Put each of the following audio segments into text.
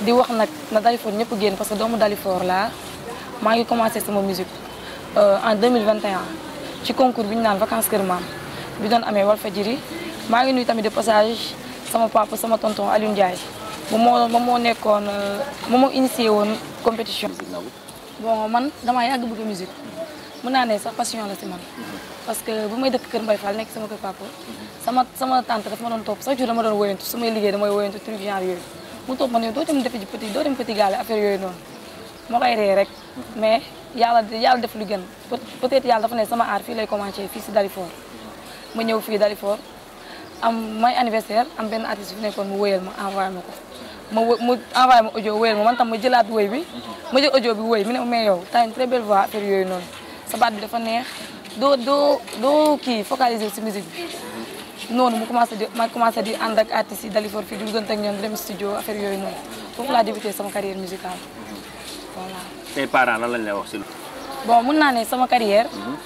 di wax nak na Dalifort ñep guen parce que doomu Dalifort la ma ngi commencer sama musique euh en 2021 ci concours bi ñu naan vacances kër maam bi doon amee Walfadjri ma ngi nuy tamit de passage sama papa sama tonton Aliou Ndiaye bu mo mo moo nekkoon moom euh, moo initié woon compétition bon man dama yàgg bëgg musique mu naa ne sax passion la ci man parce que bu may dëkk kër Mbaye Fall nekk sama papa sama sama tante dafa ma doon topp chaque jour dama don woyentu su liggéey dama woyentu truc genre yooyu mu toog ma ne doo dem defi ji petit doo dem petit gaale affaire yooyu mais yàlla yàlla def lu gën peut être yàlla dafa ne sama aar lay commencé fii si Dalifort ma ñëw fii Dalifort am may anniversaire am benn artiste fi nekkoon mu wóyal ma envoyé ko ma mu envoyé ma audio wóyal ma man tam ma jëlaat wóy bi ma jël audio bi wóy mi ne mais yow t'as une très belle yooyu noonu sa baat bi dafa neex doo doo doo kii focaliser si musique bi noonu mu commencé di ma di ànd ak artistes yi Dalifort fii di duggante ak ñoom di dem studio affaire yooyu noonu foofu laa débuté sama carrière musicale voilà. wax si bon mun naa ne sama carrière mhm.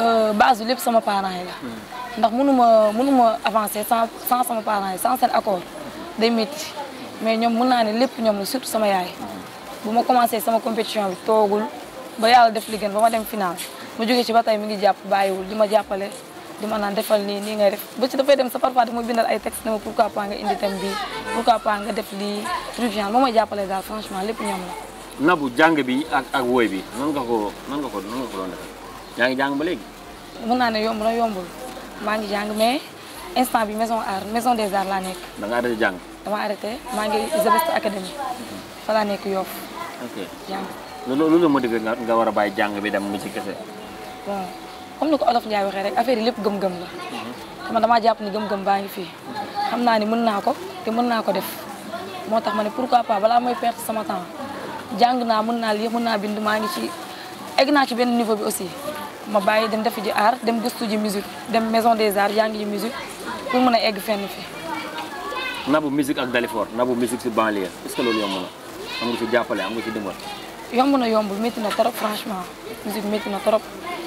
euh, base bi lépp sama parent yi la. Mhm. ndax mënu ma mënu ma avancer sans sans sama parent yi sans seen accord day métti mais ñoom mun naa ne lépp ñoom la surtout sama yaay mhm. bu ma commencé sama compétition bi toogul ba yàlla def li ba ma dem final ma jógee ci ba tey mi ngi jàpp wul di ma jàppale. di ma naan defal nii nii ngay def ba ci dafay dem sa parfois dama bindal ay texte ne ma pourquoi pas nga indi thème bi pourquoi pas nga def lii Rufiane ba ma jàppale daal franchement lépp ñoom la. Nabou jàng bi ak ak woy bi nan nga ko nan nga ko nan nga ngi jàng ba léegi. mën naa ne yomb na yombul maa ngi jàng mais instant bi maison art maison des arts laa nekk. da nga arrêté jàng. dama arrêté maa ngi Isabesta académie fa laa nekk Yoff. ok jàng loolu loolu la motivé nga war a bàyyi jàng bi dem mu ci kese. comme ni ko olof Ndiaye waxee rek affaire yi lépp gëm-gëm la te mhm. man damaa jàpp ni gëm-gëm baa ngi fii xam naa ni mën naa ko te mën naa ko def moo tax ma ne pourquoi pas balaa may perte sama temps jàng naa mën naa lii naa bind maa ngi ci egg naa ci benn niveau bi aussi ma bàyyi dem defi ji art dem gëstu ji musique dem maison des arts jàng ji musique pour mën a egg fenn fi Nabou musique ak Dalifort Nabou musique si banlieue est-ce que loolu yomb na am nga ci jàppale am nga ci dimbal yomb na yombul métti na trop franchement musique métti na trop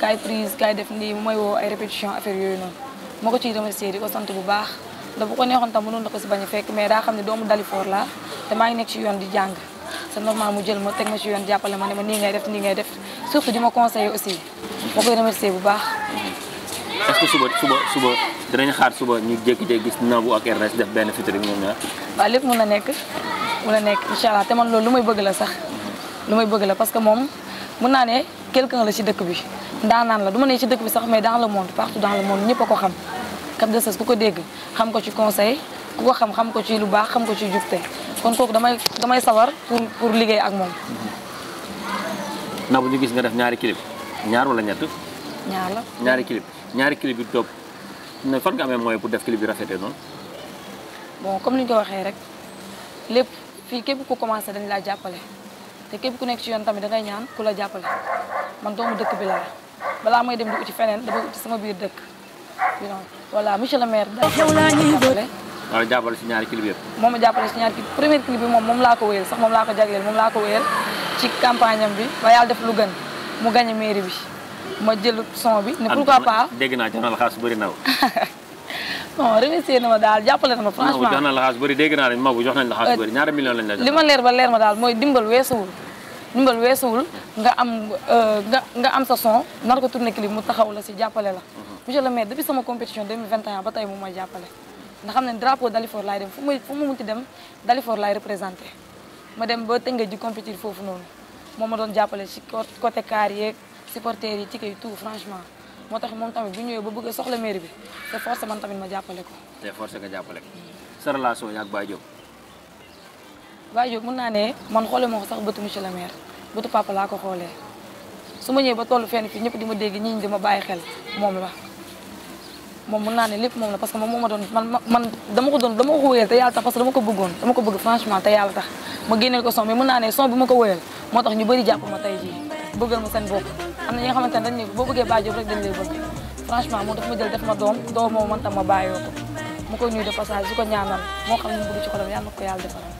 kay prise kay def ni moy wo ay répétition affaire yoy non mako ci dama séri ko sante bu baax da bu ko neexoon tam mënoon na ko ci bañ fekk mais da xamni ne doomu Dalifort la te ma ngi nek ci yoon di jang sa normal mu jël ma tek ma ci yoon jàppale ma ne ma ni ngay def ni ngay def surtout dima conseiller aussi ma koy remercier bu baax. est-ce que suba suba suba dinañ xaar suba ñu jéggi jékki gis Nabou ak rs def ben featuring ñoom ñaar. waaw lepp mu na nek mu na nek inshallah allah te man loolu lu may bëgg la sax lu may bëgg la parce que mom mu na né quelqu'un la ci dëkk bi. ndaanaan la du ma ne ci dëkk bi sax mais dans le monde partout dans le monde ñëpp a ko xam Cap de Sèche ku ko dégg xam ko ci conseil ku ko xam xam ko ci lu baax xam ko ci jubte kon kooku damay damay sawar pour pour liggéey ak moom. na bu ñu gis nga def ñaari clip ñaar wala ñett. ñaar ñaari clip ñaari clip bi topp ne fan nga amee mooy pour def clip bi rafetee noonu. bon comme ni ñu ko waxee rek lépp fii képp ku commencé dañ laa jàppale te képp ku nekk ci yoon tamit dangay ñaan ku la jàppale man dëkk bi balaa mooy dem di uti feneen dafay uti sama biir dëkk voilà monsieur le maire. wala jàppale si ñaari clip moom a jàppale si ñaari clip premier moom moom laa ko wéyal sax moom laa ko jagleel moom laa ko wéyal ci campagne am bi ba yàlla def lu gën mu gagné mairie bi ma jël son bi. ne pourquoi pas dégg naa jox na la xaalis a naw non remercié na ma daal jox na la xaalis bëri dégg naa la ñaari millions lañ la jox. li ma leer ba leer ma daal mooy dimbal weesuwul. ndimbal weesuwul nga am euh, nga nga am sa son nar ko tourné clip mu taxaw la si jàppale la monsieur le maire depuis sama compétition 2021 ba tey moom mooy jàppale nga xam ne drapeau Dalifort laay dem fu muy fu mu munti dem Dalifort laay représenté ma dem ba tënga ji compétir foofu noonu moo ma doon jàppale si côté car yeeg supporters yi ticket yi tout franchement moo tax moom tamit bu ñëwee ba bëgg a soxla mairie bi te forcé man tamit ma jàppale ko te forcé nga jàppale ko sa relation yaag Baye Diop waajur mën na né man xolé ma sax bëtu monsieur le maire bëtu papa la ko xolé suma ñëw ba tollu fenn fi ñëpp dima dégg ñii di ma bàyyi xel mom la mom mën na né lepp mom la parce que mom moma don man man dama ko don dama ko wëyel té yalla tax parce que dama ko bëggoon dama ko bëgg franchement té yalla tax ma génneel ko son bi mën na né son bu mako wëyel motax ñu bëri jàpp ma tey jii bëggal mu seen bokk amna ñi nga xamante ne dañ ne boo bëggee bàyyi rek dañ lay bëgg franchement mo daf ma jël def ma doom doom mo man tam ma bàyyoo ko mu ko ñuy de passage diko ñaanal mo xam ne mu bëgg ci xolam yalla nako yalla defal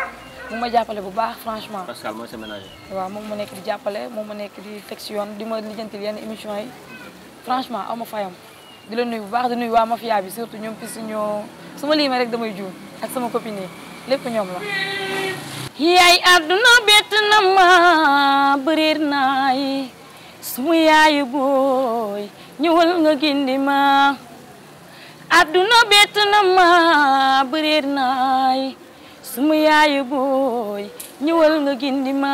mu ma bu baax franchement. Pascal mo sa ménager. waaw mo ma nekk di jappalé moom ma nek di teg di ma lijjantil yene émission yi franchement amu ma fayam di la nuyu bu baax di nuyu wa mafia bi surtout ñom pis suñu suma ma rek damay juum ak sama copine lepp ñom la. yaay aduna bet na ma bëreer nay suma yaay boy ñewal nga gindi ma aduna bet na ma bëreer nay suma yaayu booy ñëwal nga gindi ma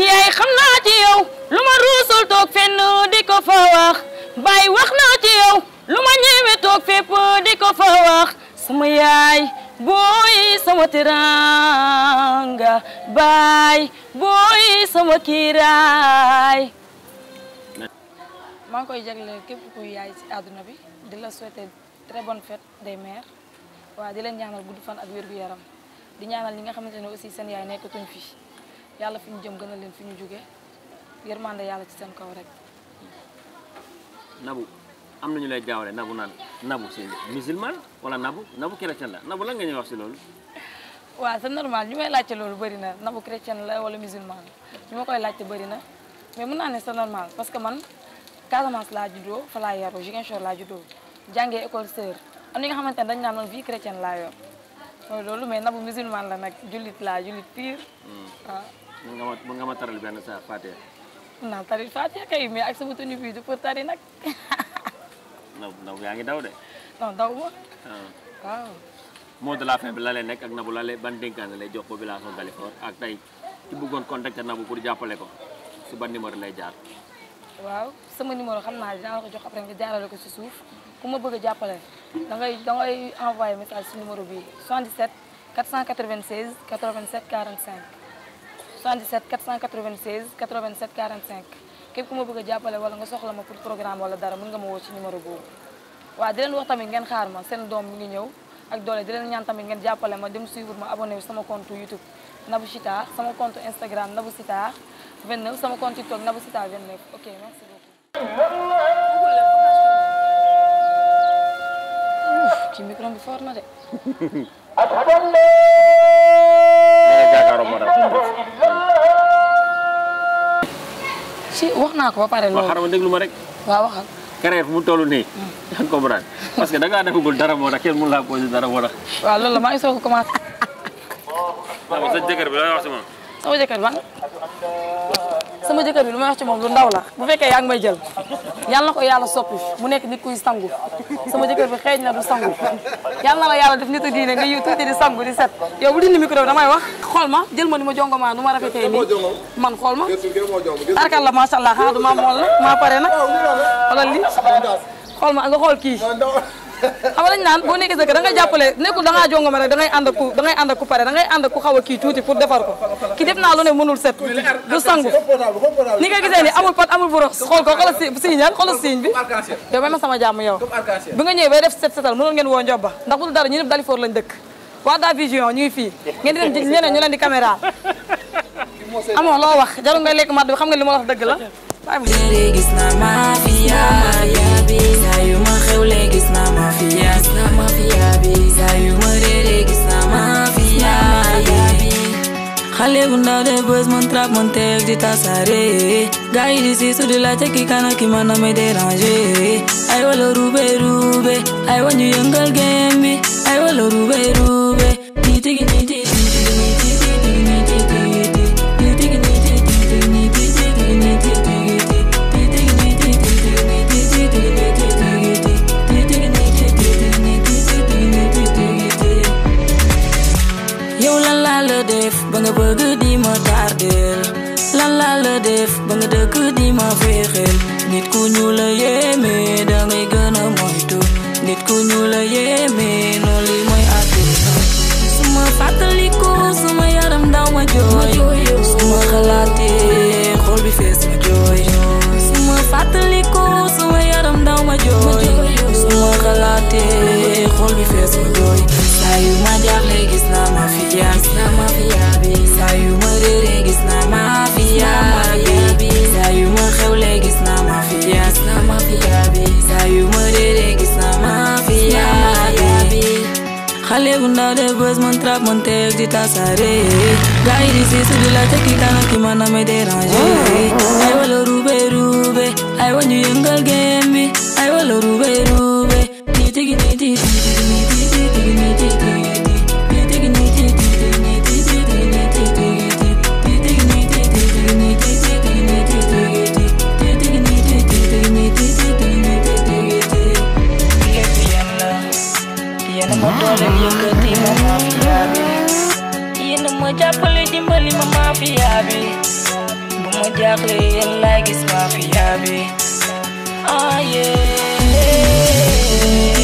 yaay xam naa ci yow lu ma ruusul toog fenn di ko fa wax baay wax naa ci yow lu ma ñeme toog fépp di ko fa wax suma yaay booy sama teraanga baay booy sama kiiraay maa ngi koy jagleel képp kuy yaay ci àdduna bi di la souhaiter très bonne fête des mères waa di leen ñaanal gudd fan ak wér yaram di ñaanal ñi nga xamante ne aussi seen yaay nekk nekkatuñ fi yàlla fi ñu jëm gënal leen fi ñu jóge yërmande yàlla ci seen kaw rek nabu am nañu lay jaawale nabu naan nabu c'est musulman wala nabu nabu chrétien la nabu lan nga ñuy si loolu waa sa normal ñu may laajte loolu bëri na nabu chrétien la wala musulman ñu ma koy laajte bëri na mais mën naa ne c'est normal parce que man Casamance laa juddoo fa laa yaroo Ziguinchor laa juddoo jàngee école am na nga xamante ne dañ naan man vie chrétienne laa yor mooy na mais nabu la nag jullit laa jullit pire. waaw. Hmm. Ah. mën nga ma mën nga ma taral benn saa Fatia. naa taril Fatia kay mais ak sama tenue bii du pour tari nag. nabu nabu yaa ngi daw de. non daw ma. Ah. waaw. mot de la fin bi la lay nekk ak na la lay ban dénkaan lay jox population Dalifort ak tey ci bëggoon na nabu pour jàppale ko si ban numéro lay jaar. waaw sama numéro xam naa dinaa la ko jox après nga jaarale ko si suuf ku ma bëgg a jàppale da ngay da ngay envoyé message si numéro bi 77 496 87 45 77 496 87 45 képp ku ma bëgg a jàppale wala nga soxla ma pour programme wala dara mën nga ma woo ci numéro boobu waaw di leen wax tamit ngeen xaar ma seen doom mi ngi ñëw ak doole di leen ñaan tamit ngeen jàppale ma dem suivre ma abonné sama compte YouTube Nabou Sitar sama compte Instagram Nabou Sitar 29 sama compte TikTok Nabou Sita 29 ok merci beaucoup. ci micro bi fort na de. si wax naa ko ba pare loolu. waaw xarama déglu ma rek. waaw waxal. carrière fu mu toll nii. Hmm. yaa ngi comprendre parce que da ngaa defagul dara moo tax kenn mënu laa posé dara moo tax. waaw loolu la maa ngi soog a commencé. sa jëkkër bi la wax si moom. sama jëkkër man sama jëkkër bi lu may wax ci moom lu ndaw la bu fekkee yaa may jël yal na ko yàlla soppi mu nekk ni kuy sangu sama jëkkër bi xeeñ na du sangu yal na la yàlla def nit a diine nga yiw tuuti di sangu di set yow bu dindi micro bi damay wax xool ma jël ma ni ma jongomaa nu ma rafetee nii man xool ma tarkal la macha allah xaa du ma mool la maa pare na xoolal li xool ma nga xool kii xam lañ naan boo nekkee sa kër da nga jappale nekkul da nga jongo mara da ngay and ak ku da ngay and ak ku pare da ngay and ak ku xaw a kii pour defar ko ki def na lu ne mënul set du sangu ni nga gisee ni amul pat amul borox xol ko xol signal xol signe bi do may ma sama jamm yow bi nga ñëwee bay def set setal mënoon ngeen wo njoba ndax bu dul dara ñu ñëpp dalifoor lañ dëkk wa da vision ñu fi ngeen di dem ñeneen ñu leen di caméra Amo lo wax jaru ngay lek mad bi xam nga limu wax deug la bàyyi ma durere gis na ma fi yabi Xale bu ndaw de bës mon trap mon teg di tasaare Gars yi la tekki kana ki mën na may déranger Ay wala rube rube wañu yëngal game bi ay wala rube rube Halevunda de buzz, mon trap, mon tech, dit à saré. Gaï d'ici, c'est de la tech, qui t'a qui m'en a me dérangé. I will rube rube, I want you young girl, game me, I will rube rube. bi bu ma jaaxle yéen mafia bi ah yeah